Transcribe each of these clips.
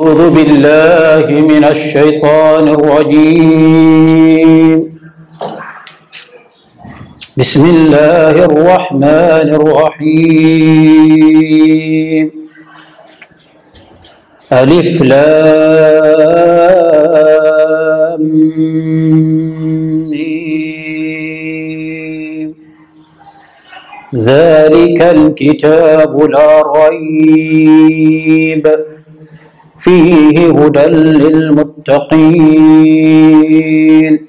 أعوذ بالله من الشيطان الرجيم بسم الله الرحمن الرحيم ألف لام ميم ذلك الكتاب لا ريب فيه هدى للمتقين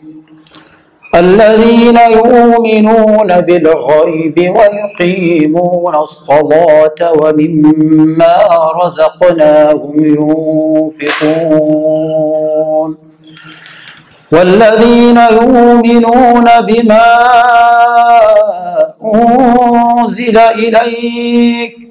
الذين يؤمنون بالغيب ويقيمون الصلاة ومما رزقناهم ينفقون والذين يؤمنون بما أنزل إليك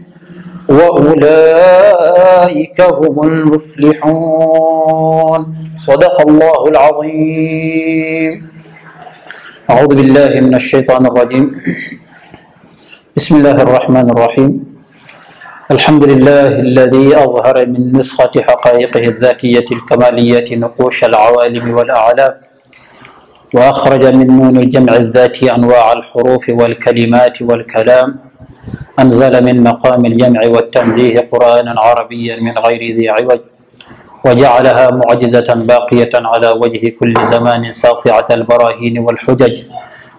وأولئك هم المفلحون صدق الله العظيم أعوذ بالله من الشيطان الرجيم بسم الله الرحمن الرحيم الحمد لله الذي أظهر من نسخة حقائقه الذاتية الكمالية نقوش العوالم والأعلام وأخرج من نون الجمع الذاتي أنواع الحروف والكلمات والكلام أنزل من مقام الجمع والتنزيه قرآنا عربيا من غير ذي عوج وجعلها معجزة باقية على وجه كل زمان ساطعة البراهين والحجج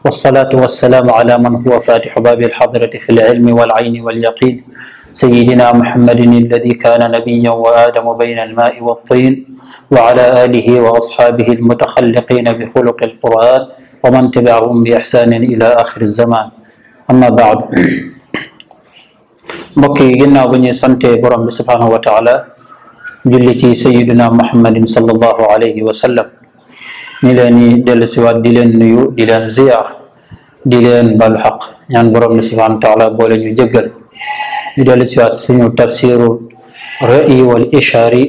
والصلاة والسلام على من هو فاتح باب الحضرة في العلم والعين واليقين سيدنا محمد الذي كان نبيا وآدم بين الماء والطين وعلى آله وأصحابه المتخلقين بخلق القرآن ومن تبعهم بإحسان إلى آخر الزمان أما بعد بكي جنا بني سنتي برم سبحانه وتعالى جلتي سيدنا محمد صلى الله عليه وسلم نلاني دل سوى دلن نيو دلن زيار دلن بالحق يعني برم سبحانه وتعالى بولن يجغل دل سوى سنو تفسير رأي والإشاري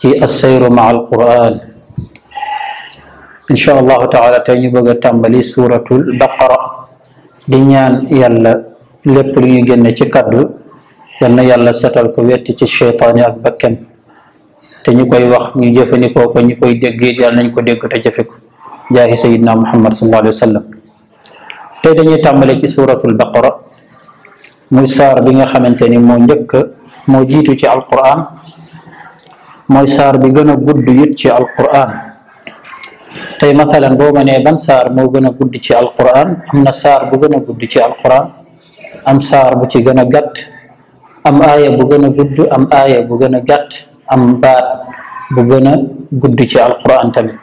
تي السير مع القرآن إن شاء الله تعالى تنبغى تنبلي سورة البقرة دنيان يلا lepp lu ñu genn ci kaddu yalla yalla yàlla setal ko wetti ci shaytan ak bakkan te ñu koy wax ñu jëfandikoo ko ñu koy dégg nañ ko dégg ta jaahi muhammad sallallahu alayhi wasallam sallam dañuy tambalé ci suratul baqara muy sar bi nga xamanteni mo ñëkk mo jitu ci alquran mooy sar bi gëna gudd yit ci alquran tay mathalan bo ma ban sar mo gëna gudd ci alquran amna sar bu gëna gudd ci alquran am saar bu ci gën gàtt am aya bu gën gudd am aya bu gën gàtt am baat bu gën a gudd ci alquran tamit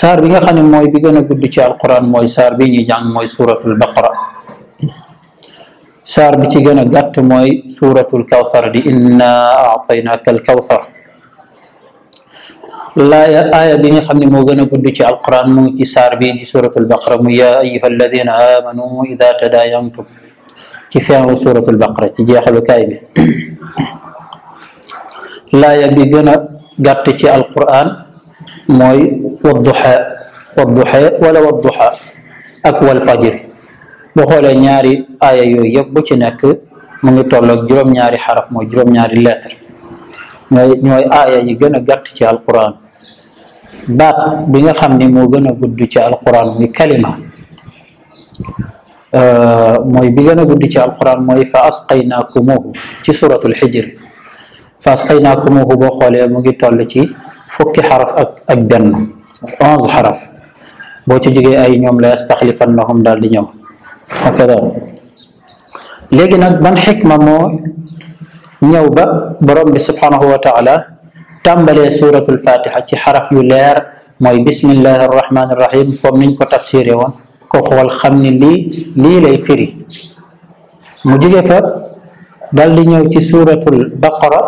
saar bi nga xam ne mooy bi gën a gudd ci alquran mooy saar bi ñuy jàng mooy suratul baqara saar bi ci gën gàtt mooy suratul kawthar di inna aataynaka alkawthar الآية بني خم موغن قد في القرآن موتي سار بي دي سورة البقرة يا أيها الذين آمنوا إذا تداينتم كفاهم سورة البقرة تجي أخلو كايب لا يبيغن قد في القرآن موي والضحى والضحى ولا والضحى أكوى الفجر بخول نياري آية يو يبوشنك من يطلق جرم نياري حرف موي جرم نياري لاتر نوي آية يغن قد في القرآن باب بيغا خامني مو غنا غودو تي القران مي كلمه ا آه، موي بيغا نا غودو تي القران موي فاسقيناكموه تي سوره الحجر فاسقيناكموه بو خول موغي تول تي فوكي حرف اك اك بن 11 حرف بو تي جوغي اي نيوم لا يستخلفنهم دال دي نيوم هكذا لكن نك بان حكمه مو نيوبا بروم سبحانه وتعالى تمبل سورة الفاتحة حرف يلير موي بسم الله الرحمن الرحيم فمن كو تفسير يوان كو خو لي لي لي فري مجيجة فر دال دي نيو تي سورة البقرة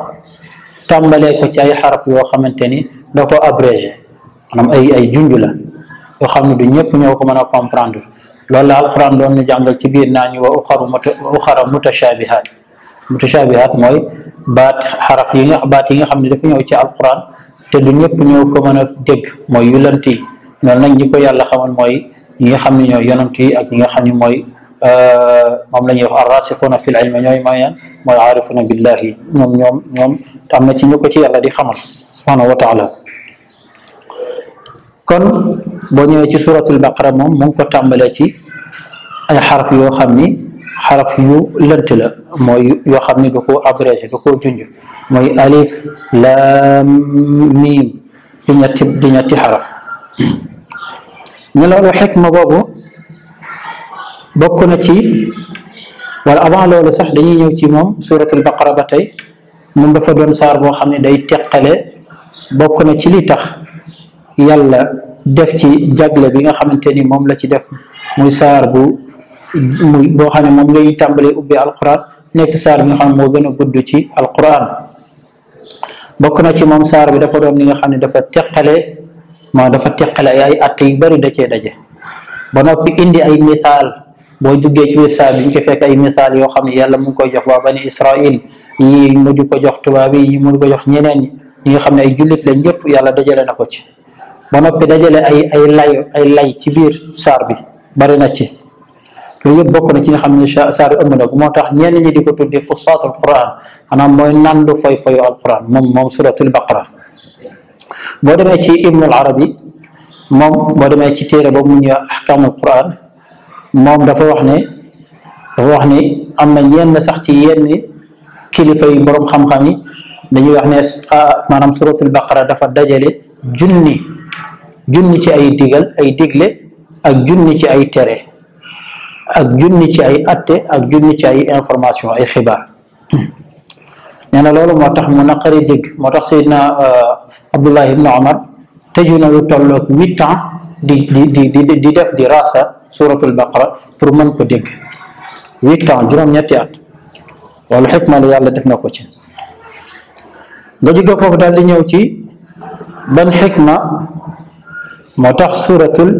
تمبل كو تي اي حرف يو خمن تني دكو ابرج نعم اي اي جنجلة وخمن دي نيب نيو كو منا كومبراندر لولا القران دون ني جانغال تي بير ناني و اخر متشابهات mutashabihat mooy baat xaraf yi nga baat yi nga xam ne dafa ñëw ci alquran te du ñëpp ñëw ko mën a dégg mooy yulanti noonu nag ñi ko yàlla xamal mooy ñi nga xam ne ñooy yonant yi ak ñi nga xam ne mooy moom la ñuy wax arrasixuna fil ilmi ñooy mayan mooy aarifuna billahi ñoom ñoom ñoom am na ci ñu ko ci yàlla di xamal subhanahu wa taala kon boo ñëwee ci suratul baqara moom mu ngi ko tàmbalee ci ay xaraf yoo xam ni حرف يو لنتلا ما يخبرني دكو أبرز دكو جنج ما ألف لام ميم دنيا تب دنيا تحرف نلا لو حكم بابو بكونا تي والأبا لو لصح دنيا يوتي مم سورة البقرة بتاي من بفدون صار بو خمني داي تقلة بكونا تي لي تخ يلا def ci jagle bi nga xamanteni mom la ci def muy muy boo xam ne moom ngay tàmbalee ubbi alquran nekk saar bi nga xam ne moo gën a gudd ci alquran bokk na ci moom saar bi dafa doon li nga xam ne dafa teqale ma dafa teqale ay at yu bari da cee daje ba noppi indi ay misaal boo jugee ci biir fekk ay yoo xam ne yàlla mu ngi koy jox waa bani israil ñi mujj ko jox tubaab yi ñi mujj ko jox ñeneen ñi xam ne ay jullit lañ yëpp yàlla dajale na ko ci ba ay lay ay lay ci biir saar bi bari na ci loolu bokku na ci nga xamne ne saar ëmb na ko motax ñen ñi diko tuddé tuddee fusaatul quran ana moy nandu fay foyu alquran mom mom suratul baqara bo démé ci ibn al arabi mom bo démé ci téré bo mu ñu ahkamul quran mom dafa wax ne dafa wax ni am na ñenn sax ci yenn kilifa yi borom xam-xam yi dañuy wax ne manam suratul baqara dafa dajale junni junni ci ay digal ay digle ak junni ci ay tere ak junni ci ay atte ak junni ci ay information ay xibaar nee na loolu moo tax mu naqari dégg moo tax Seydina euh, Abdullah ibn Omar tëju na lu tolloog huit ans di di di di def di raasa suratul baqara pour mën ko dégg huit ans juróom-ñetti at loolu xikma la yàlla def na ko ci nga jóge foofu daal di ñëw ci ban xikma moo tax suratul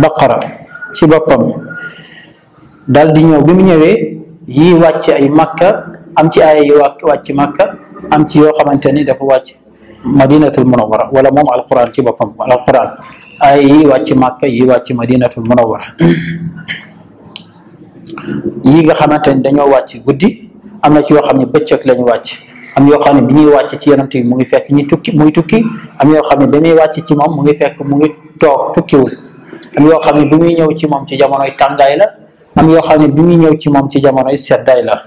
baqara ci boppam daal di ñëw bi mu ñëwee yii wàcc ay makka am ci aaya yi wàcc makka am ci yoo xamante ni dafa wàcc madinatul munawara wala moom alquran ci boppam alquran aaya yii wàcc makka yi wàcc madinatul munawara yii nga xamante ni dañoo wàcc guddi am na ci yoo xam ne bëccëg lañu wàcc am yoo xam ne bi ñuy ci yonent mu ngi fekk ñi tukki muy tukki am yoo xam ne dañuy wàcc ci moom mu ngi fekk mu ngi toog tukkiwul am yoo xam ne bi muy ñëw ci moom ci jamonoy tàngaay la am yoo xam ne bi muy ñëw ci moom ci jamonoy seddaay la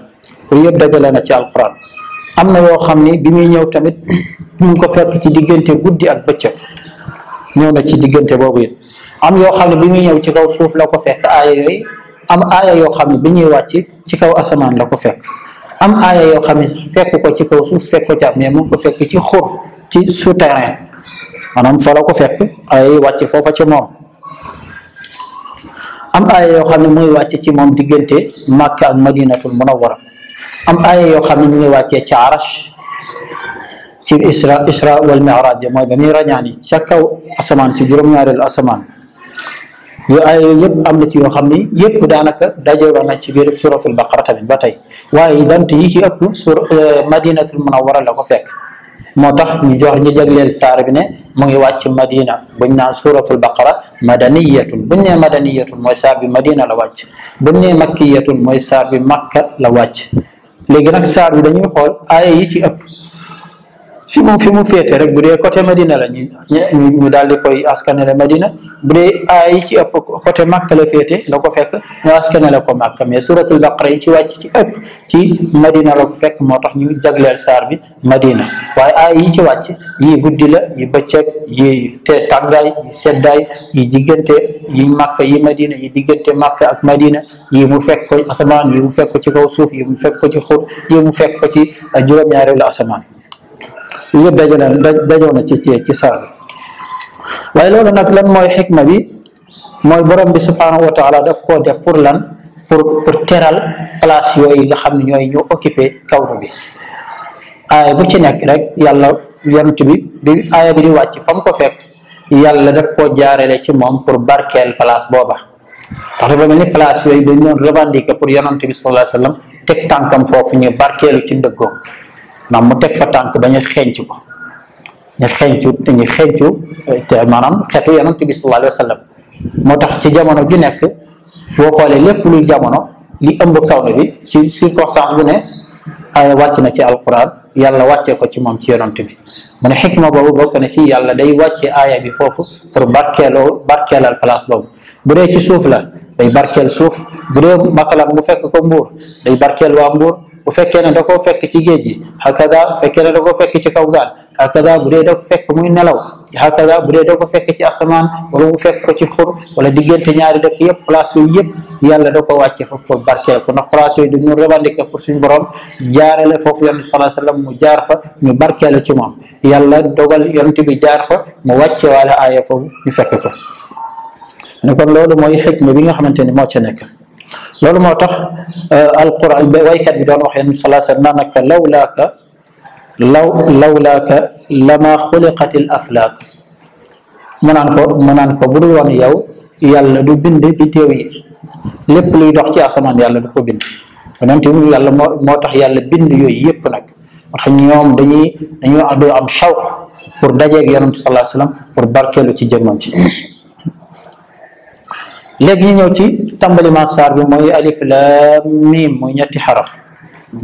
yooyu yëpp dajale na ci alquran am na yoo xam ne bi ñuy ñëw tamit ñu ko fekk ci diggante guddi ak bëccëg ñëw na ci diggante boobu it am yoo xam ne bi muy ñëw ci kaw suuf la ko fekk aaya yooyu am aaya yoo xam ne bi ñuy wàcc ci kaw asamaan la ko fekk am aaya yoo xam ne fekk ko ci kaw suuf fekk ko ci ab mais mu ngi ko fekk ci xur ci souterrain maanaam fa la ko fekk aaya yi wàcc foofa ci moom am aaya yoo xam ne mu ngi wàcce ci moom diggante Màkka ak Madinatul Munawwara am aaya yoo xam ne mu ngi wàccee ci Arash ci isra isra wal miraaj mooy ba muy rañaani ca kaw asamaan ci juróom-ñaareelu asamaan yooyu aaya yooyu yëpp am na ci yoo xam ne yëpp daanaka dajaloo na ci biir suratul baqara tamit ba tey waaye dant yi ci ëpp sur eh, Madinatul Munawwara la ko fekk motax ñu jox ñu jagleel saar bi ne mu ngi wàcc madina buñ na suratul baqara madaniyatun buñ ne madaniyatun moy saar bi madina la wàcc buñ ne makkiyatun moy saar bi makka la wàcc legi nak saar bi dañuy xol ay yi ci ëpp fi mu fi mu féete rek bu dee côté Medina la ñu ñu daal di koy askanale madina bu dee ay ci ëpp côté Makka la féete la ko fekk ñu askanale ko Makka mais suratul baqara yi ci wàcc ci ëpp ci Medina la ko fekk moo tax ñu jagleel saar bi Medina waaye ay yi ci wàcc yi guddi la yi bëccëg yi te tàggaay yi seddaay yi jiggante yi Makka yi Medina yi diggante Makka ak Medina yi mu fekk ko asamaan yi mu fekk ci kaw suuf yi mu fekk ko ci xur yi mu fekk ko ci juróom-ñaareelu asamaan yëpp dajaneel daj dajoo na ci ci ci saar bi waaye loolu nag lan mooy na bi mooy borom bi subhanahu wa taala daf koo def pour lan pour pour teral place yooyu nga xam ne ñooy ñu occupé kawnu bi aaya bu ci nekk rek yàlla yonent bi bi aaya bi di wàcc fa ko fekk yàlla daf koo jaarale ci moom pour barkeel place booba ndax dafa mel ni place yooyu dañ doon revendiquer pour yonent bi sallallahu alayhi wa sallam teg tànkam foofu ñu barkeelu ci dëggoom maanaam mu teg fa tànk ba ñu xeeñcu ko ñu xeeñcu ñu xeeñcu te maanaam xeetu yonent bi sallallahu alayhi wa moo tax ci jamono ju nekk boo xoolee lépp luy jamono li ëmb kaw na bi ci circonstance bu ne aaya wàcc na ci alquran yàlla wàccee ko ci moom ci yonent bi mu ne xikma boobu bokk na ci yàlla day wàcce aaya bi foofu pour barkeeloo barkeelal place boobu bu dee ci suuf la day barkeel suuf bu dee matalan mu fekk ko mbuur day barkeel waa mbuur bu fekkee ne da koo fekk ci géej gi hakada bu fekkee ne da koo fekk ci kaw gaal hakada bu dee da fekk muy nelaw hakada bu dee da ko fekk ci asamaan wala mu fekk ko ci xur wala diggante ñaari dëkk yëpp place yooyu yëpp yàlla da ko wàccee foofu foofu barkeel ko ndax place yooyu du ñu revendiquer pour suñu borom jaarale foofu yonent sallallahu alayhi wasallam mu jaar fa ñu barkeelu ci moom yàlla dogal yonent bi jaar fa mu wàcce waale aaya foofu ñu fekk ko ne kon loolu mooy xikma bi nga xamante ni moo ca nekk لول موتخ آه، القرآن ويكا بدون وحي النبي صلى الله عليه وسلم أنك لولاك لو لولاك لما خلقت الأفلاك منانكو منانكو بروان يو يالا دو بند بيتيوي لب لي دوخ تي اسمان يالا دو كو بند منان تي يالا موتخ يالا بند يو ييب نك وخ نيوم دانيي دانيو ادو ام شوق pour dajé ak yaronte sallallahu alayhi wasallam pour barkelu ci jëmmam léegi ñu ñëw ci tàmbali ma saar bi mooy alif laam miim mooy ñetti xaraf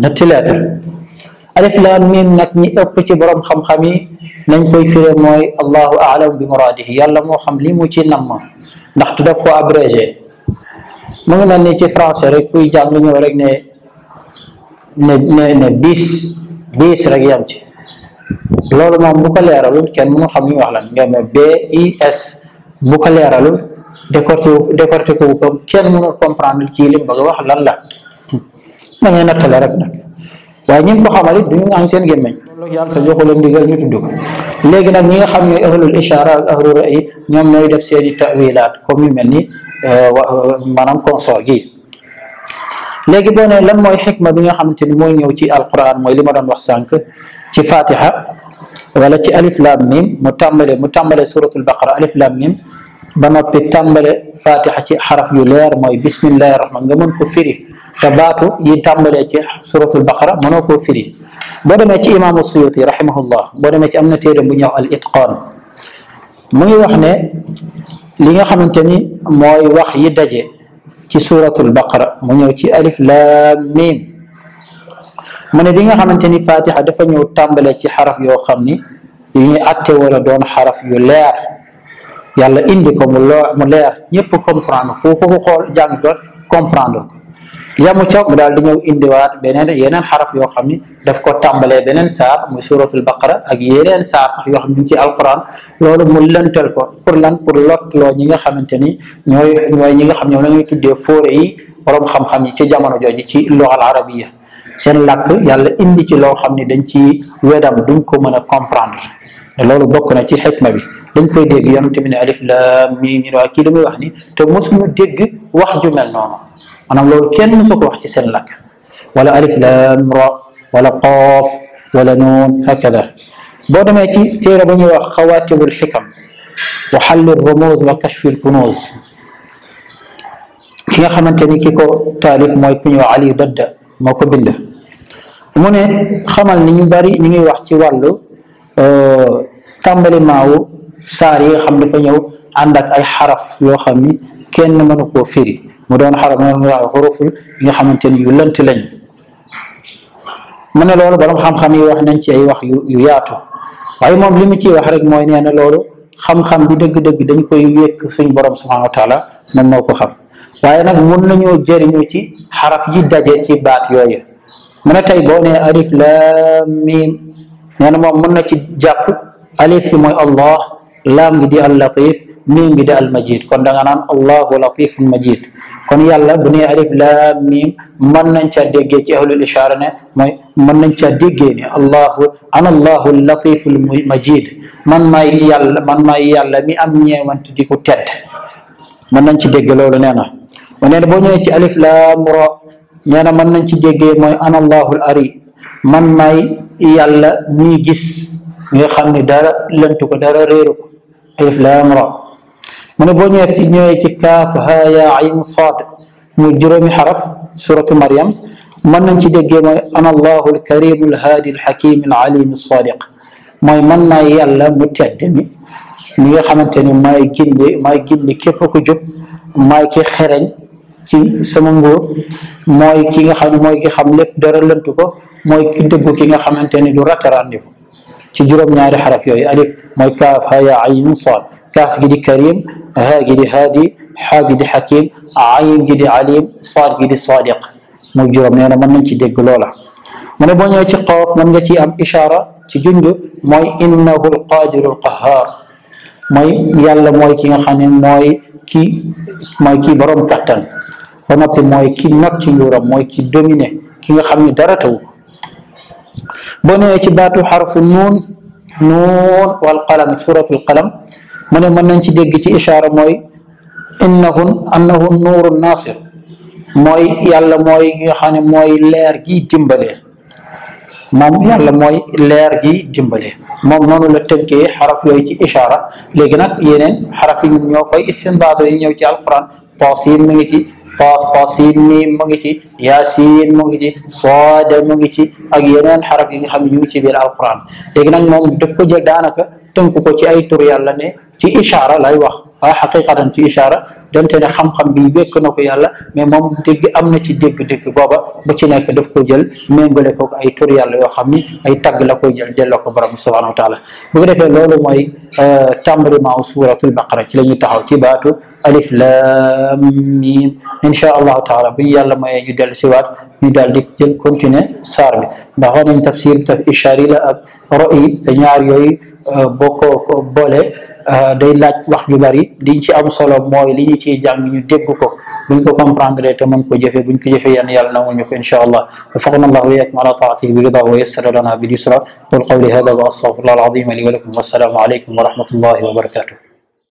ñetti lettre alif laam miim nag ñi ëpp ci borom xam-xam yi nañ koy firé mooy allahu aalam bi muraadihi yàlla moo xam li mu ci namm ndax tu daf ko abrégé mu ngi mel ni ci français rek kuy jàng ñëw rek ne ne ne ne rek yam ci loolu moom bu ko kenn mënu xam ñu wax lan nga ne B décorté décorté ko comme kenn mënul comprendre ci lim bëgg a wax lan la da ngay nattale rek nag waaye ñi ko xamal it du ñu ŋaañ seen gémmeñ loolu ñu tudd léegi nag ñi nga xam ne ahlul ishara ak ahlu ra'i ñoom ñooy def seeni i tawilaat comme yu mel ni euh, maanaam consort léegi boo ne lan mooy xikma bi nga xam ni mooy ñëw ci alquran mooy li ma doon wax sànq ci fatiha wala ci alif lam mu tàmbale mu tàmbale suratul baqara alif lam بنوبي تامبل فاتحة حرف يولير موي بسم الله الرحمن غمون كفيري تباتو يتامبل اتي سورة البقرة منو كفيري بودم اتي امام السيوطي رحمه الله بودم اتي امنا تيدو بنيو الاتقان موي وحنا لين خمن تاني موي وح يدجي تي سورة البقرة منو تي الف لام ميم من لين خمن تاني فاتحة دفنيو تامبل اتي حرف يو خمني يني اتي حرف يولير yàlla indi ko mu loo mu leer ñëpp comprendre ku ku xool jàng ko comprendre ko yamu ca mu daal di ñëw indiwaat beneen yeneen xaraf yoo xam ni daf ko tàmbalee beneen saar muy suratul baqara ak yeneen saar sax yoo xam ñu ngi ci alquran loolu mu lëntal ko pour lan pour lot loo ñi nga xamante ni ñooy ñooy ñi nga xam ñoom la ñuy tuddee fóore yi borom xam yi ci jamono jooju ci loxal arabiya seen làkk yàlla indi ci loo xam ni dañ ci wedam duñ ko mën a comprendre لو بوكنا تي حكمة بي دنك في ديك يانوتي من ألف لام ميم ميم وكي لمي وحني تو مسلم ديك وح جمل نونا أنا لو كان مسك وح تسل لك ولا ألف لا مرا ولا قاف ولا نون هكذا بعد ما تي تيرا بني وخواتم الحكم وحل الرموز وكشف الكنوز كي خمن تاني كيكو تاليف موي بني وعلي ضد موكو بنده مونه خمل ني ني باري ني وح تي Euh, tàmbali maawu saar yi nga xam dafa ñëw ànd ak ay xaraf yoo xam ni kenn mënu koo firi mu doon xaraf moom ñu wax xuruful yi nga xamante ni yu lënt lañ mu ne loolu borom xam-xam yi wax nañ ci ay wax yu yu yaatu waaye moom li mu ciy wax rek mooy nee na loolu xam-xam bi dëgg-dëgg dañ koy wékk suñ borom subhanahu wa taala moom moo ko xam waaye nag mun nañoo jëriñu ci xaraf yi daje ci baat yooyu mu ne boo nee alif laam nee na moom mën na ci jàpp alif bi mooy allah laam bi di al latif miim bi di al kon da nga naan allahu latifun majid kon yàlla bu nee alif laam miim mën nañ caa déggee ci ahlul ishaara ne mooy mën nañ caa déggee ne allahu ana allahu latiful majid man maay yàlla man maay yàlla mi am ñeewant di ko tedd mën nañ ci dégg loolu nee na nee boo ñëwee ci alif laam ra nee na mën nañ ci déggee moy ana allahul ari man may yàlla muy gis nga xamni dara lëntu ko dara réeru ko alif lam ra mune bo ñeef ci ñewé ci kaf ha ya ayn sad mu juróomi harf suratu Maryam man nañ ci déggé moy ana allahu hakim al alim alalim sadiq moy man may yàlla mu teddemi mi mi nga xamante may gindé gindi maay képp ko jop may ki xereñ ci sama ngor moy ki nga xam moy ki xam lépp dara lëntu ko moy ki dëggu ki nga xamanteni du raté rendez-vous ci juróom-ñaari xaraf yoy alif moy kaf ha ya ayn sad kaf gi di karim ha gi di hadi ha gi di hakim ayn gi di alim sad gi di sadiq muy juróom neena man nañ ci dégg loola mu ne boo ci qaf man nga ci am ishara ci jundu moy innahu alqadir alqahhar moy yàlla moy ki nga xam moy ki moy ki borom katan ونبي موي كي نورا موي كي دوميني كي خامي داراتو بوني تي باتو حرف النون نون والقلم سورة القلم من من نتي ديغ اشارة موي انه انه النور الناصر موي يالا موي كي خاني موي لير كي ديمبالي مام يالا موي لير كي ديمبالي مام نونو لا تنكي حرف يوي تي اشاره لغي نك يينن حرف يوم نيو فاي استنباط يي نيو تي القران توصيل مي تي taas taasin miim mu ngi ci yaasin mu ngi ci sood mu ngi ci ak yeneen xaraf yi nga xam ñu ngi ci biir alquran léegi nag moom daf ko jël daanaka tënk ko ci ay tur la ne ci ishaara lay wax waaw xaqiqatan ci ishaara donte ne xam-xam bi wékk na ko yàlla mais moom dégg am na ci dégg-dégg booba bu ci nekk def ko jël méngale ko ay tur yàlla yoo xam ni ay tagg la koy jël delloo ko borom subhanahu wa taala bu ko defee loolu mooy euh, tàmbarimaaw suratul baqara ci la ñuy taxaw ci baatu alif lam mim inchaa allahu taala bu yàlla mooyee ñu dellu siwaat waat ñu daal di jël continuer saar bi ndax wax nañ tafsir taf ishaari la ak ro'i ñaar yooyu euh, boo ko boole day laaj wax ju bari liñ ci am solo mooy li ñu ciy jàng ñu dégg ko buñ ko comprendre te mën ko jëfe buñ ko jëfe yan yàlla nangul ñu ko insha allah وفقنا الله وإياكم على طاعته برضاه ويسر لنا باليسرى أقول قولي هذا وأستغفر الله العظيم لي ولكم والسلام عليكم ورحمة الله وبركاته